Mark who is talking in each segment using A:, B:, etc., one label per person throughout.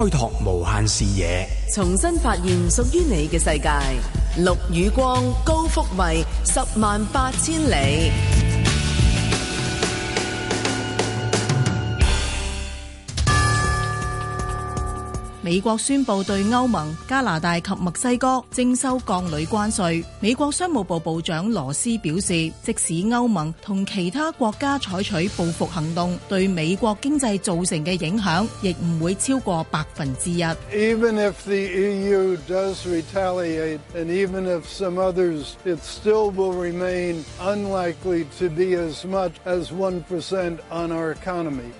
A: 開拓無限視野，
B: 重新發現屬於你嘅世界。陸宇光，高福慧，十萬八千里。美國宣布對歐盟、加拿大及墨西哥徵收鋼鋁關稅。美國商務部部長羅斯表示，即使歐盟同其他國家採取報復行動，對美國經濟造成嘅影響，亦唔會超過百分之一。
C: Even if the EU does retaliate, and even if some others, it still will remain unlikely to be as much as 1% on our economy.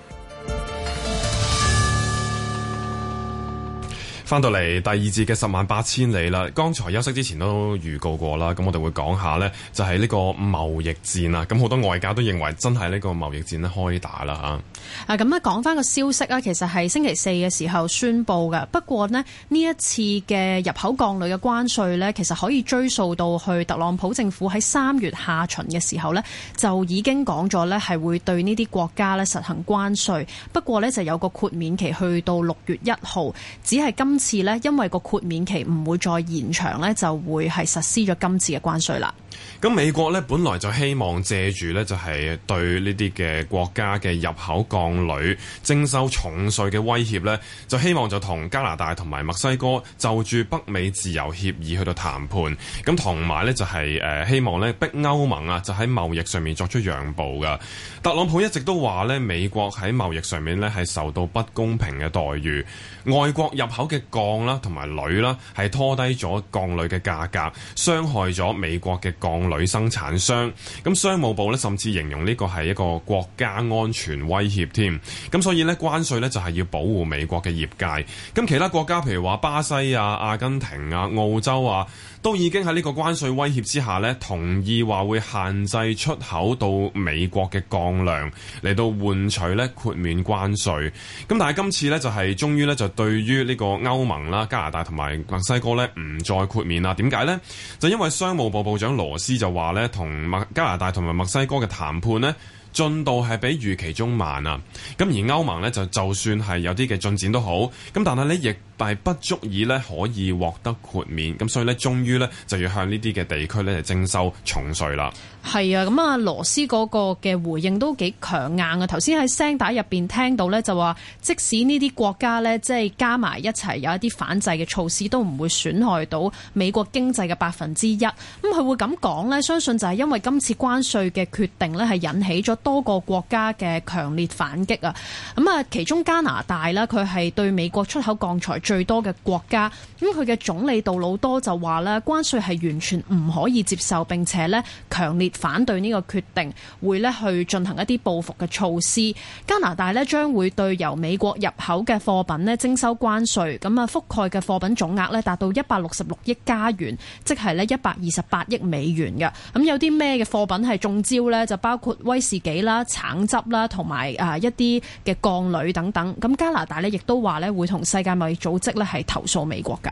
A: 翻到嚟第二節嘅十萬八千里啦，剛才休息之前都預告過啦，咁我哋會講下呢，就係呢個貿易戰啊，咁好多外界都認為真係呢個貿易戰咧開打啦嚇。
D: 啊，咁咧講翻個消息啊，其實係星期四嘅時候宣布嘅，不過呢，呢一次嘅入口鋼鋁嘅關稅呢，其實可以追溯到去特朗普政府喺三月下旬嘅時候呢，就已經講咗呢係會對呢啲國家呢實行關稅，不過呢，就有個豁免期去到六月一號，只係今次呢，因為個豁免期唔會再延長，呢就會係實施咗今次嘅關稅啦。
A: 咁美國咧，本來就希望借住咧，就係對呢啲嘅國家嘅入口鋼鋁徵收重稅嘅威脅咧，就希望就同加拿大同埋墨西哥就住北美自由協議去到談判。咁同埋咧，就係誒希望咧逼歐盟啊，就喺貿易上面作出讓步噶。特朗普一直都話咧，美國喺貿易上面咧係受到不公平嘅待遇，外國入口嘅鋼啦同埋鋁啦，係拖低咗鋼鋁嘅價格，傷害咗美國嘅鋼女生產商，咁商務部呢甚至形容呢個係一個國家安全威脅添，咁所以呢關稅呢就係要保護美國嘅業界，咁其他國家譬如話巴西啊、阿根廷啊、澳洲啊。都已經喺呢個關稅威脅之下呢同意話會限制出口到美國嘅鋼量，嚟到換取呢豁免關稅。咁但係今次呢就係終於就對於呢個歐盟啦、加拿大同埋墨西哥呢唔再豁免啦。點解呢？就因為商務部部長羅斯就話呢同加拿大同埋墨西哥嘅談判呢進度係比預期中慢啊，咁而歐盟呢，就就算係有啲嘅進展都好，咁但係呢亦係不足以呢，可以獲得豁免，咁所以呢，終於呢，就要向呢啲嘅地區呢徵收重稅啦。
D: 係啊，咁啊，羅斯嗰個嘅回應都幾強硬啊！頭先喺聲帶入邊聽到呢，就話，即使呢啲國家呢，即係加埋一齊有一啲反制嘅措施，都唔會損害到美國經濟嘅百分之一。咁佢會咁講呢，相信就係因為今次關稅嘅決定呢，係引起咗多個國家嘅強烈反擊啊！咁啊，其中加拿大咧，佢係對美國出口鋼材最多嘅國家。咁佢嘅總理杜魯多就話咧，關稅係完全唔可以接受，並且咧強烈反對呢個決定，會咧去進行一啲報復嘅措施。加拿大咧將會對由美國入口嘅貨品咧徵收關稅，咁啊覆蓋嘅貨品總額咧達到一百六十六億加元，即係咧一百二十八億美元嘅。咁有啲咩嘅貨品係中招咧？就包括威士忌。啦橙汁啦，同埋啊一啲嘅鋼鋁等等。咁加拿大呢，亦都話呢，會同世界貿易組織呢，係投訴美國噶。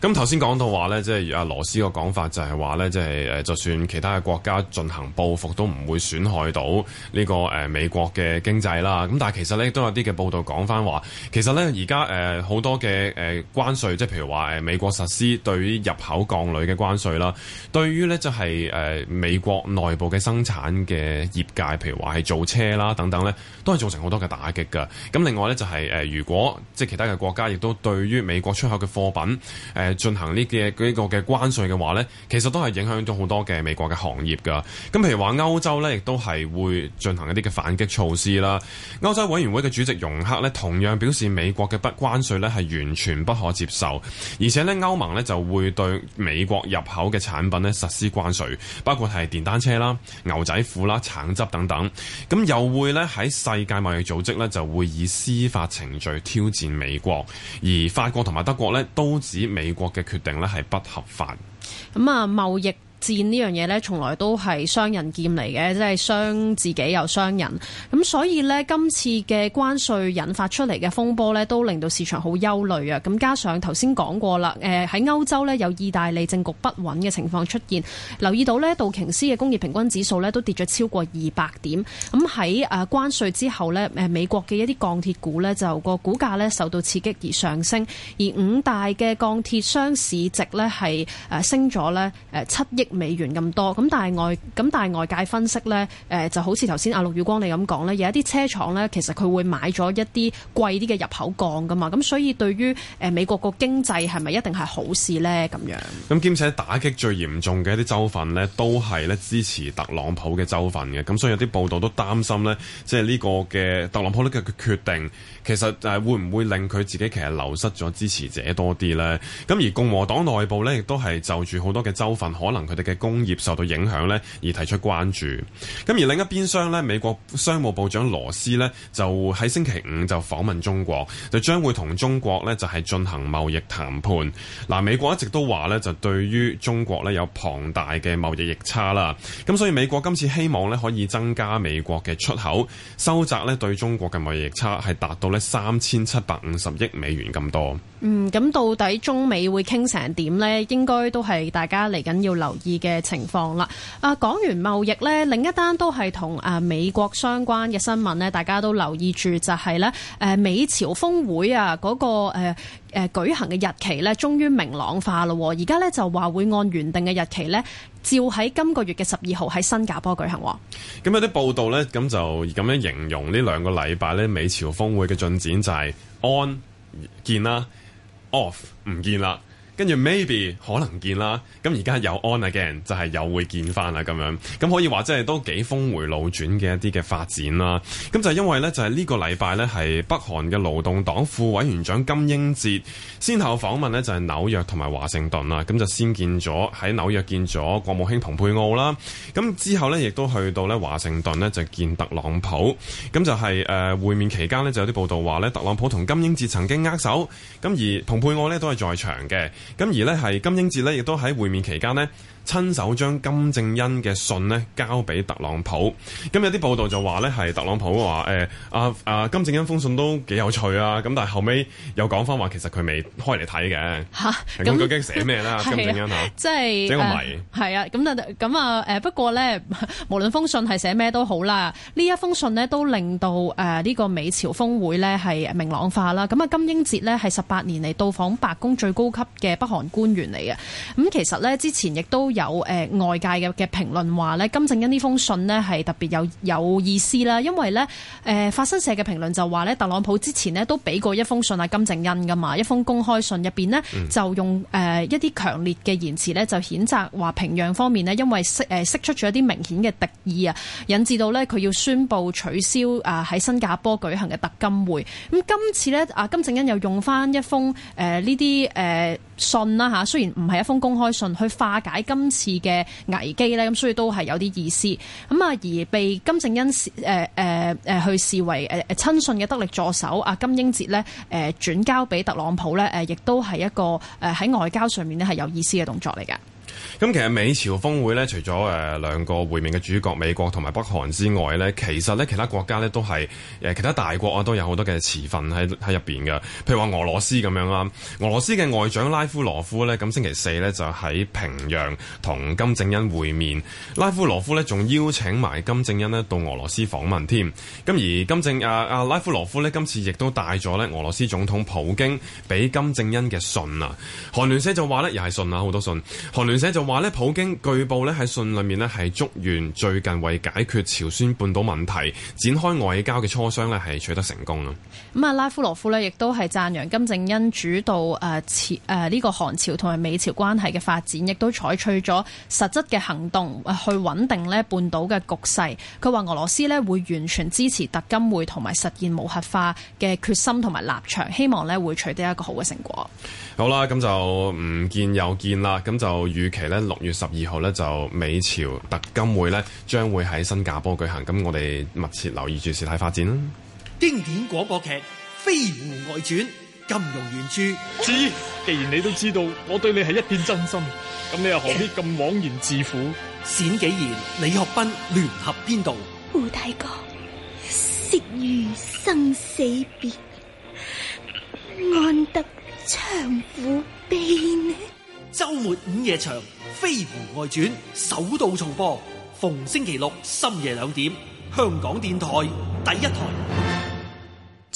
A: 咁頭先講到話呢，即係阿羅斯個講法就係話呢，即係誒，就算其他嘅國家進行報復，都唔會損害到呢個誒美國嘅經濟啦。咁但係其實呢，亦都有啲嘅報道講翻話，其實呢，而家誒好多嘅誒關稅，即係譬如話誒美國實施對於入口鋼鋁嘅關稅啦，對於呢，就係誒美國內部嘅生產嘅業界，譬如。話係造車啦等等呢，都係造成好多嘅打擊噶。咁另外呢、就是，就係誒，如果即係其他嘅國家亦都對於美國出口嘅貨品誒進、呃、行呢嘅呢個嘅、這個、關稅嘅話呢，其實都係影響咗好多嘅美國嘅行業噶。咁譬如話歐洲呢，亦都係會進行一啲嘅反擊措施啦。歐洲委員會嘅主席容克呢，同樣表示美國嘅不關稅呢係完全不可接受，而且呢，歐盟呢就會對美國入口嘅產品呢，實施關稅，包括係電單車啦、牛仔褲啦、橙汁等等。咁又會呢喺世界貿易組織呢就會以司法程序挑戰美國，而法國同埋德國呢，都指美國嘅決定呢係不合法。
D: 咁啊，貿易。戰呢樣嘢咧，從來都係雙刃劍嚟嘅，即係傷自己又傷人。咁所以呢，今次嘅關稅引發出嚟嘅風波咧，都令到市場好憂慮啊！咁加上頭先講過啦，誒喺歐洲咧有意大利政局不穩嘅情況出現，留意到呢，道瓊斯嘅工業平均指數咧都跌咗超過二百點。咁喺誒關稅之後呢，誒美國嘅一啲鋼鐵股呢就個股價咧受到刺激而上升，而五大嘅鋼鐵商市值呢係誒升咗呢誒七億。美元咁多，咁但係外，咁但係外界分析咧，誒、呃、就好似頭先阿陸宇光你咁講咧，有一啲車廠咧，其實佢會買咗一啲貴啲嘅入口鋼噶嘛，咁所以對於誒、呃、美國個經濟係咪一定係好事咧？咁樣。
A: 咁兼且打擊最嚴重嘅一啲州份咧，都係咧支持特朗普嘅州份嘅，咁所以有啲報道都擔心咧，即係呢個嘅特朗普呢個嘅決定。其實誒會唔會令佢自己其實流失咗支持者多啲呢？咁而共和黨內部呢，亦都係就住好多嘅州份，可能佢哋嘅工業受到影響呢，而提出關注。咁而另一邊廂呢，美國商務部長羅斯呢，就喺星期五就訪問中國，就將會同中國呢，就係、是、進行貿易談判。嗱，美國一直都話呢，就對於中國呢，有龐大嘅貿易逆差啦。咁所以美國今次希望呢，可以增加美國嘅出口，收窄呢，對中國嘅貿易逆差係達到三千七百五十億美元咁多，
D: 嗯，咁到底中美會傾成點呢？應該都係大家嚟緊要留意嘅情況啦。啊，講完貿易呢，另一單都係同啊美國相關嘅新聞呢，大家都留意住就係呢誒，美朝峰會啊，嗰、嗰個誒。啊誒，舉行嘅日期咧，終於明朗化咯。而家咧就話會按原定嘅日期咧，照喺今個月嘅十二號喺新加坡舉行。咁
A: 有啲報道咧，咁就咁樣形容呢兩個禮拜咧，美朝峰會嘅進展就係 on 見啦，off 唔見啦。跟住 maybe 可能見啦，咁而家又 on again 就係又會見翻啦咁樣，咁可以話真係都幾峰迴路轉嘅一啲嘅發展啦。咁就因為呢，就係、是、呢個禮拜呢，係北韓嘅勞動黨副委員長金英哲先後訪問呢，就係、是、紐約同埋華盛頓啦，咁就先見咗喺紐約見咗國務卿蓬佩奧啦，咁之後呢，亦都去到呢華盛頓呢，就見特朗普，咁就係、是、誒、呃、會面期間呢，就有啲報道話呢，特朗普同金英哲曾經握手，咁而蓬佩奧呢，都係在場嘅。咁而呢，係金英哲呢，亦都喺會面期間呢，親手將金正恩嘅信呢，交俾特朗普，今日啲報道就話呢，係特朗普話誒、啊啊金正恩封信都幾有趣啊，咁但係後尾又講翻話其實佢未開嚟睇嘅吓，咁究竟寫咩啦？金正恩即
D: 係一個謎係啊，咁啊咁、就係、啊誒、啊、不過呢，無論封信係寫咩都好啦，呢一封信呢都令到誒呢、啊呢個美朝峯會呢係明朗化啦。咁啊金英哲呢係十八年嚟到訪白宮最高級嘅北韓官員嚟嘅，咁其實呢，之前亦都。都有誒外界嘅嘅評論話咧，金正恩呢封信咧係特別有有意思啦，因為咧誒法新社嘅評論就話咧，特朗普之前咧都俾過一封信啊金正恩噶嘛，一封公開信入邊咧就用誒、呃、一啲強烈嘅言辭咧就譴責話平壤方面咧因為釋誒、呃、出咗一啲明顯嘅敵意啊，引致到咧佢要宣佈取消啊喺新加坡舉行嘅特金會。咁、呃、今次咧啊金正恩又用翻一封誒呢啲誒信啦嚇、啊，雖然唔係一封公開信，去化解今。今次嘅危機咧，咁所以都係有啲意思。咁啊，而被金正恩誒誒誒去視為誒親信嘅得力助手啊，金英哲咧誒轉交俾特朗普咧誒，亦都係一個誒喺外交上面咧係有意思嘅動作嚟嘅。
A: 咁其實美朝峰會咧，除咗誒兩個會面嘅主角美國同埋北韓之外咧，其實咧其他國家咧都係誒其他大國啊，都有好多嘅持份喺喺入面嘅。譬如話俄羅斯咁樣啦，俄羅斯嘅外長拉夫羅夫咧，咁星期四咧就喺平壤同金正恩會面。拉夫羅夫咧仲邀請埋金正恩呢到俄羅斯訪問添。咁而金正啊啊拉夫羅夫呢，今次亦都帶咗咧俄羅斯總統普京俾金正恩嘅信啊。韓聯社就話咧又係信啊好多信。韓聯社。就話呢，普京據報呢喺信裏面呢係祝願最近為解決朝鮮半島問題展開外交嘅磋商呢係取得成功啦。
D: 咁啊，拉夫羅夫呢亦都係讚揚金正恩主導誒誒呢個韓朝同埋美朝關係嘅發展，亦都採取咗實質嘅行動去穩定呢半島嘅局勢。佢話俄羅斯呢會完全支持特金會同埋實現無核化嘅決心同埋立場，希望呢會取得一個好嘅成果。
A: 好啦，咁就唔見又見啦，咁就預期。期咧六月十二號咧就美朝特金會咧將會喺新加坡舉行，咁我哋密切留意住事態發展啦。
E: 經典廣播劇《飛狐外傳》，金庸原著。
A: 子，既然你都知道我對你係一片真心，咁 你又何必咁枉然自
E: 苦？冼紀賢、李學斌聯合編導。
B: 胡大哥，色遇生死別，
E: 安得長虎悲呢？周末午夜場《飛狐外傳》首度重播，逢星期六深夜兩點，香港電台第一台。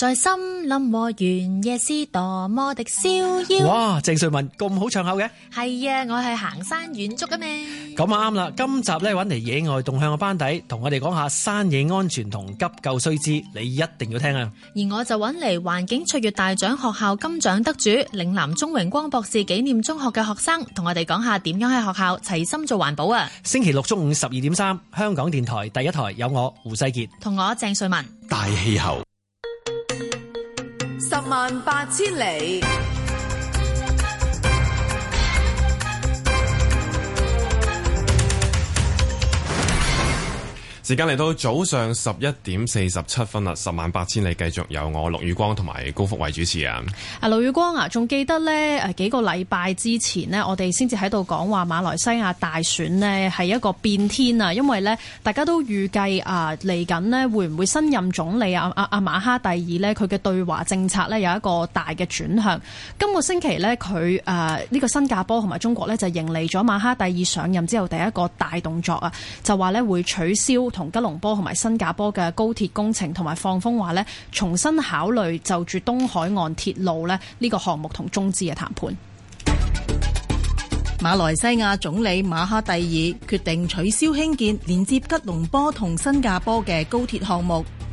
D: 在森林和原野是多麼的逍遙。哇！
E: 鄭瑞文咁好唱口嘅。
D: 係啊，我係行山遠足嘅咩？
E: 咁啊啱啦！今集咧揾嚟野外動向嘅班底，同我哋講下山野安全同急救須知，你一定要聽啊！
D: 而我就揾嚟環境卓越大獎學校金獎得主嶺南鍾榮光博士紀念中學嘅學生，同我哋講下點樣喺學校齊心做環保
B: 啊！
A: 星期六中午十二點三，香港電台第一台有我胡世杰
B: 同我鄭瑞文
A: 大氣候。
B: 十萬八千里。
A: 時間嚟到早上十一點四十七分啦，十萬八千里繼續有我陸宇光同埋高福偉主持人
D: 啊！陸宇光啊，仲記得呢誒，幾個禮拜之前呢，我哋先至喺度講話馬來西亞大選呢係一個變天啊！因為呢大家都預計啊，嚟緊呢會唔會新任總理啊？阿阿馬哈蒂爾呢？佢嘅對華政策呢有一個大嘅轉向。今個星期呢，佢誒呢個新加坡同埋中國呢就迎嚟咗馬哈蒂爾上任之後第一個大動作啊，就話呢會取消。同吉隆坡同埋新加坡嘅高鐵工程，同埋放風話咧，重新考慮就住東海岸鐵路咧呢個項目
B: 同中資嘅談判。馬來西亞總理馬哈蒂爾決定取消興建連接吉隆坡同新加坡嘅高鐵項目。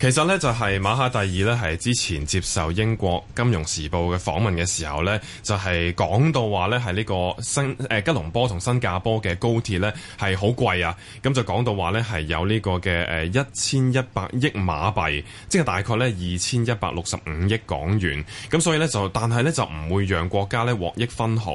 A: 其實呢，就係馬哈蒂爾呢，係之前接受英國金融時報嘅訪問嘅時候呢，就係講到話呢，係呢個新誒吉隆坡同新加坡嘅高鐵呢，係好貴啊！咁就講到話呢，係有呢個嘅誒一千一百億馬幣，即係大概呢，二千一百六十五億港元。咁所以呢，就但係呢，就唔會讓國家呢獲益分毫。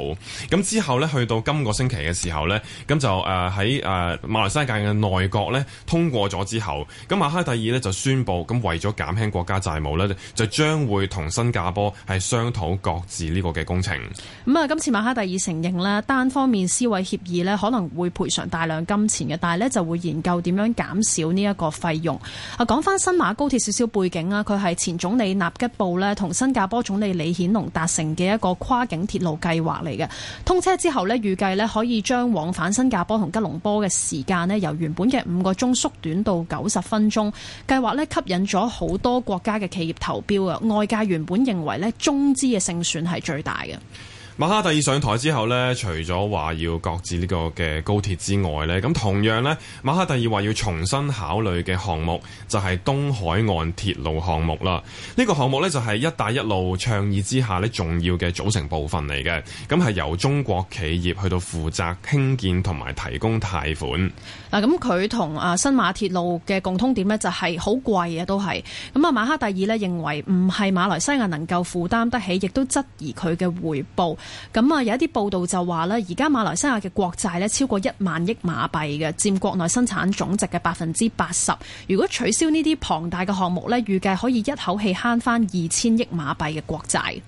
A: 咁之後呢，去到今個星期嘅時候呢，咁就誒喺誒馬來西亞嘅內閣呢通過咗之後，咁馬哈蒂爾呢，就宣布。咁為咗減輕國家債務呢，就將會同新加坡係商討各自呢個嘅工程。
D: 咁啊，今次馬哈蒂爾承認咧，單方面撕毀協議咧，可能會賠償大量金錢嘅，但係呢就會研究點樣減少呢一個費用。啊，講翻新馬高鐵少少背景啊，佢係前總理納吉布咧同新加坡總理李顯龍達成嘅一個跨境鐵路計劃嚟嘅。通車之後咧，預計咧可以將往返新加坡同吉隆坡嘅時間咧由原本嘅五個鐘縮短到九十分鐘。計劃呢。引咗好多國家嘅企業投標啊，外界原本認為咧中資嘅勝算係最大嘅。
A: 馬哈蒂爾上台之後呢，除咗話要擱置呢個嘅高鐵之外呢，咁同樣呢，馬哈蒂爾話要重新考慮嘅項目就係東海岸鐵路項目啦。呢個項目呢，就係一帶一路倡議之下呢重要嘅組成部分嚟嘅。咁係由中國企業去到負責興建同埋提供貸款。
D: 嗱，咁佢同啊新馬鐵路嘅共通點呢，就係好貴啊，都係。咁啊馬哈蒂爾呢，認為唔係馬來西亞能夠負擔得起，亦都質疑佢嘅回報。咁、嗯、啊，有一啲報道就話呢，而家馬來西亞嘅國債呢，超過一萬億馬幣嘅，佔國內生產總值嘅百分之八十。如果取消呢啲龐大嘅項目呢，預計可以一口氣慳翻二千億馬幣嘅國債。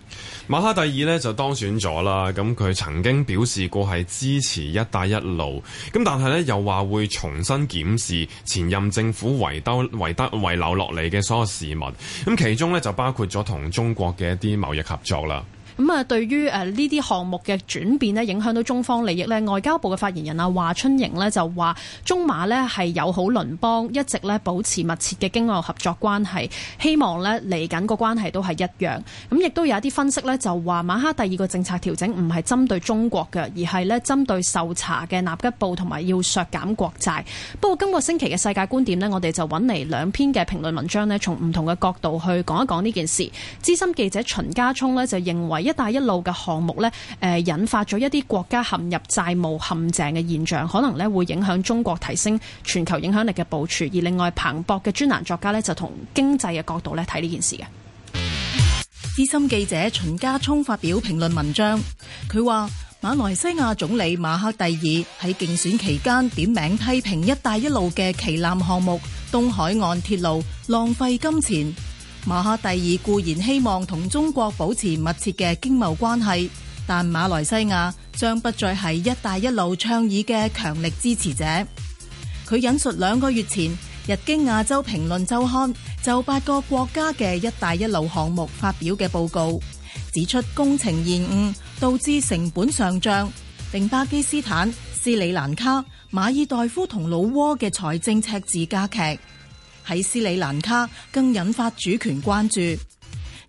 A: 馬哈蒂爾呢，就當選咗啦，咁佢曾經表示過係支持一帶一路，咁但係呢，又話會重新檢視前任政府遺留遺留遺留落嚟嘅所有事務。咁其中呢，就包括咗同中國嘅一啲貿易合作啦。
D: 咁、嗯、啊，對於呢啲項目嘅轉變呢，影響到中方利益呢，外交部嘅發言人啊，華春瑩呢就話，中馬呢係友好鄰邦，一直呢保持密切嘅經貿合作關係，希望呢嚟緊個關係都係一樣。咁亦都有一啲分析呢就話，馬哈第二個政策調整唔係針對中國嘅，而係呢針對受查嘅納吉布同埋要削減國債。不過今個星期嘅世界觀點呢，我哋就揾嚟兩篇嘅評論文章咧，從唔同嘅角度去講一講呢件事。資深記者秦家驄呢就認為。一帶一路嘅項目呢，誒引發咗一啲國家陷入債務陷阱嘅現象，可能呢會影響中國提升全球影響力嘅部署。而另外，彭博嘅專欄作家呢，就同經濟嘅角度呢睇呢件事嘅。資
B: 深記者秦家驄發表評論文章，佢話馬來西亞總理馬哈蒂爾喺競選期間點名批評一帶一路嘅旗艦項目——東海岸鐵路，浪費金錢。馬哈蒂爾固然希望同中國保持密切嘅經貿關係，但馬來西亞將不再係“一帶一路”倡議嘅強力支持者。佢引述兩個月前《日經亞洲評論周刊》就八個國家嘅“一帶一路”項目發表嘅報告，指出工程延誤導致成本上漲，令巴基斯坦、斯里蘭卡、馬爾代夫同老撾嘅財政赤字加劇。喺斯里蘭卡更引發主權關注去。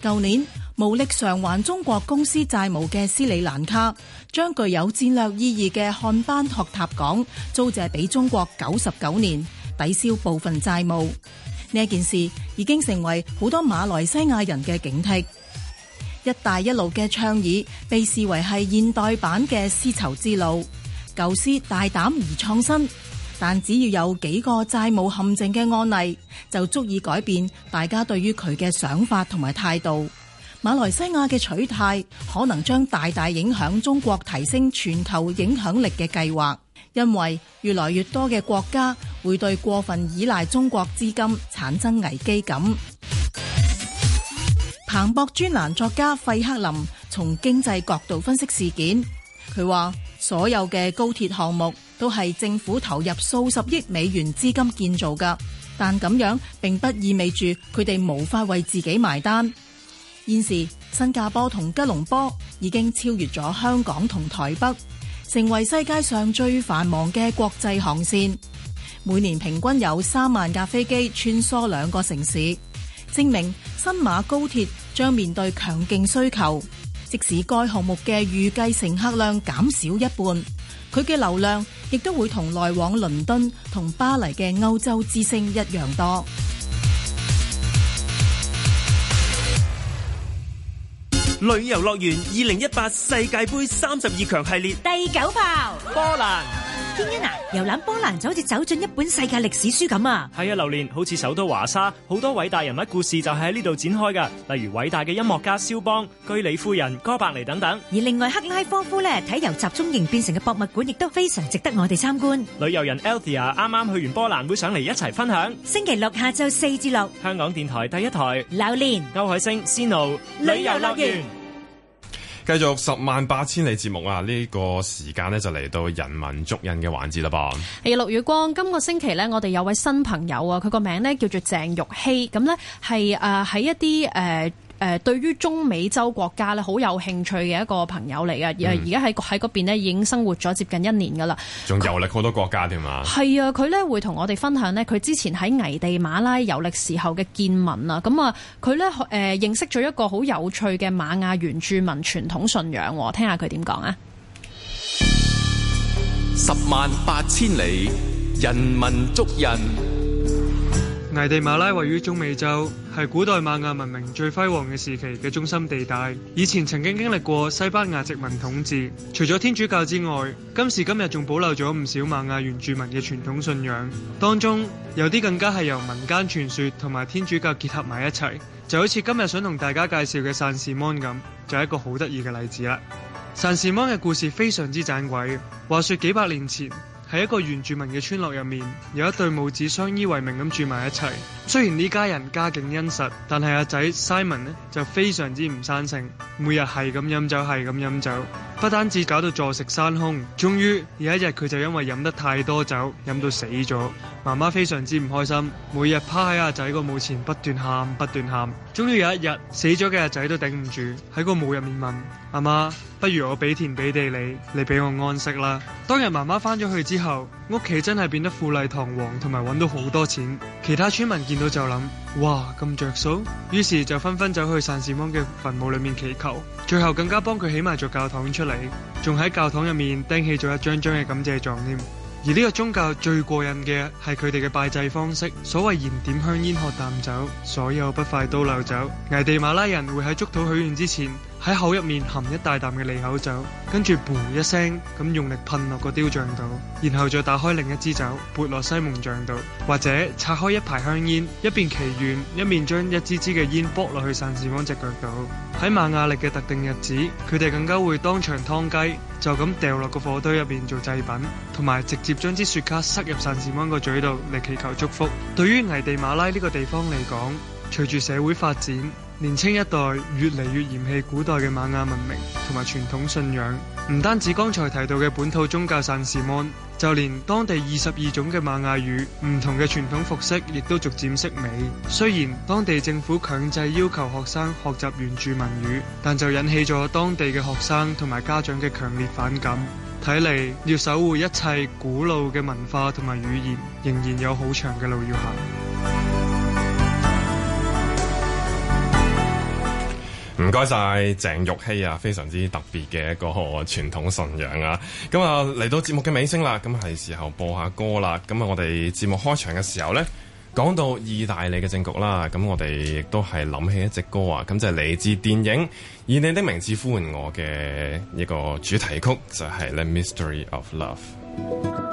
B: 舊年無力償還中國公司債務嘅斯里蘭卡，將具有戰略意義嘅漢班托塔港租借俾中國九十九年，抵消部分債務。呢件事已經成為好多馬來西亞人嘅警惕。一帶一路嘅倡議被視為係現代版嘅絲綢之路，舊師大膽而創新。但只要有幾個債務陷阱嘅案例，就足以改變大家對於佢嘅想法同埋態度。馬來西亞嘅取態可能將大大影響中國提升全球影響力嘅計劃，因為越來越多嘅國家會對過分依賴中國資金產生危機感。彭博專欄作家費克林從經濟角度分析事件，佢話。所有嘅高鐵項目都係政府投入數十億美元資金建造㗎，但咁樣並不意味住佢哋無法為自己埋單。現時新加坡同吉隆坡已經超越咗香港同台北，成為世界上最繁忙嘅國際航綫，每年平均有三萬架飛機穿梭兩個城市，證明新馬高鐵將面對強勁需求。即使該項目嘅預計乘客量減少一半，佢嘅流量亦都會同來往倫敦同巴黎嘅歐洲之星一樣多。
E: 旅遊樂園二零一八世界盃三十二強系列第九
B: 炮：
D: 波蘭。天恩啊，遊覽波蘭就好似走進一本世界歷史書咁啊！係啊，流
E: 年好似首都華沙，好多偉大人物故事就喺呢度展開噶，例如偉大嘅音樂家肖邦、居里夫人、哥白尼等等。而另外克拉科夫咧，睇由集中營變成嘅博物館，亦都非常值得我哋參觀。旅遊人 e l
D: t h
A: 繼續十萬八千里節目啊！呢、這個時間呢就嚟到人文足印嘅環節啦噃。
D: 而六月光，今個星期呢，我哋有位新朋友啊，佢個名呢叫做鄭鈺憙，咁呢係誒喺一啲誒。呃誒、呃，對於中美洲國家咧，好有興趣嘅一個朋友嚟嘅，而家喺喺嗰邊咧，在在邊已經生活咗接近一年噶啦。
A: 仲遊歷好多國家添啊！係
D: 啊，佢咧會同我哋分享呢，佢之前喺危地馬拉遊歷時候嘅見聞啊！咁、嗯、啊，佢咧誒認識咗一個好有趣嘅瑪雅原住民傳統信仰，聽下佢點講啊！
A: 十萬八千里，人文足印。
E: 危地馬拉位於中美洲，係古代瑪雅文明最輝煌嘅時期嘅中心地帶。以前曾經經歷過西班牙殖民統治，除咗天主教之外，今時今日仲保留咗唔少瑪雅原住民嘅傳統信仰。當中有啲更加係由民間傳說同埋天主教結合埋一齊，就好似今日想同大家介紹嘅善士蒙咁，就係一個好得意嘅例子啦。善士蒙嘅故事非常之盞鬼，話說幾百年前，喺一個原住民嘅村落入面，有一對母子相依為命咁住埋一齊。雖然呢家人家境殷實，但係阿仔 Simon 呢就非常之唔生性，每日係咁飲酒，係咁飲酒。不單止搞到坐食山空，終於有一日佢就因為飲得太多酒，飲到死咗。媽媽非常之唔開心，每日趴喺阿仔個墓前不斷喊不斷喊。終於有一日死咗嘅阿仔都頂唔住，喺個墓入面問阿媽，不如我俾田俾地你，你俾我安息啦。當日媽媽返咗去之後，屋企真係變得富麗堂皇，同埋搵到好多錢。其他村民見到就諗。哇，咁着數，於是就紛紛走去散士芒嘅墳墓裏面祈求，最後更加幫佢起埋座教堂出嚟，仲喺教堂入面釘起咗一張張嘅感謝狀添。而呢個宗教最過癮嘅係佢哋嘅拜祭方式，所謂燃點香煙喝啖酒，所有不快都流走。危地馬拉人會喺祝禱許願之前。喺口入面含一大啖嘅利口酒，跟住噗一聲咁用力噴落個雕像度，然後再打開另一支酒潑落西蒙像度，或者拆開一排香煙，一邊祈願，一面將一支支嘅煙剝落去散士芒隻腳度。喺瑪雅曆嘅特定日子，佢哋更加會當場劏雞，就咁掉落個火堆入邊做祭品，同埋直接將支雪茄塞入散士芒個嘴度嚟祈求祝福。對於危地馬拉呢個地方嚟講，隨住社會發展。年青一代越嚟越嫌棄古代嘅瑪雅文明同埋傳統信仰，唔單止剛才提到嘅本土宗教 San Simón，就連當地二十二種嘅瑪雅語、唔同嘅傳統服飾，亦都逐漸式微。雖然當地政府強制要求學生學習原住民語，但就引起咗當地嘅學生同埋家長嘅強烈反感。睇嚟要守護一切古老嘅文化同埋語言，仍然有好長嘅路要行。
A: 唔該晒鄭鈺憙啊，非常之特別嘅一個傳統信仰啊！咁啊，嚟到節目嘅尾聲啦，咁係時候播下歌啦！咁啊，我哋節目開場嘅時候呢，講到意大利嘅政局啦，咁我哋亦都係諗起一隻歌啊！咁就嚟自電影《以你的名字呼喚我》嘅一個主題曲，就係、是《The Mystery of
C: Love》。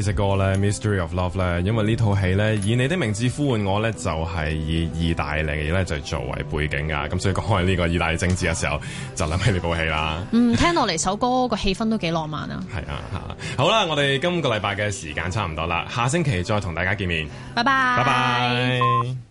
A: 隻歌咧《Mystery of Love》咧，因為呢套戲咧，《以你的名字呼喚我》咧就係、是、以意大利咧就作為背景噶，咁所以講開呢個意大利政治嘅時候，就諗起呢部戲啦。嗯，
D: 聽落嚟首歌個氣 氛都幾浪漫啊。係
A: 啊，啊，好啦，我哋今個禮拜嘅時間差唔多啦，下星期再同大家見面。
D: 拜拜。拜
A: 拜。Bye bye